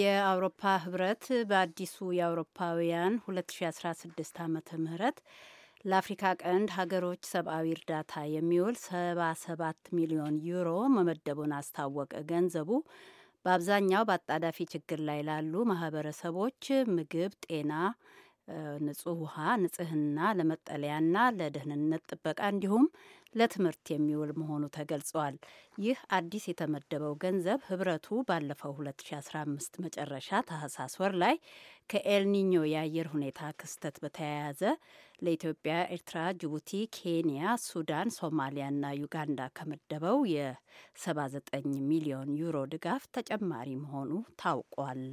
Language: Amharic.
የአውሮፓ ህብረት በአዲሱ የአውሮፓውያን 2016 ዓመተ ምህረት ለአፍሪካ ቀንድ ሀገሮች ሰብአዊ እርዳታ የሚውል 77 ሚሊዮን ዩሮ መመደቡን አስታወቀ። ገንዘቡ በአብዛኛው በአጣዳፊ ችግር ላይ ላሉ ማህበረሰቦች ምግብ፣ ጤና ንጹህ ውሃ፣ ንጽህና፣ ለመጠለያና ለደህንነት ጥበቃ እንዲሁም ለትምህርት የሚውል መሆኑ ተገልጿል። ይህ አዲስ የተመደበው ገንዘብ ህብረቱ ባለፈው 2015 መጨረሻ ታህሳስ ወር ላይ ከኤልኒኞ የአየር ሁኔታ ክስተት በተያያዘ ለኢትዮጵያ፣ ኤርትራ፣ ጅቡቲ፣ ኬንያ፣ ሱዳን፣ ሶማሊያና ዩጋንዳ ከመደበው የ79 ሚሊዮን ዩሮ ድጋፍ ተጨማሪ መሆኑ ታውቋል።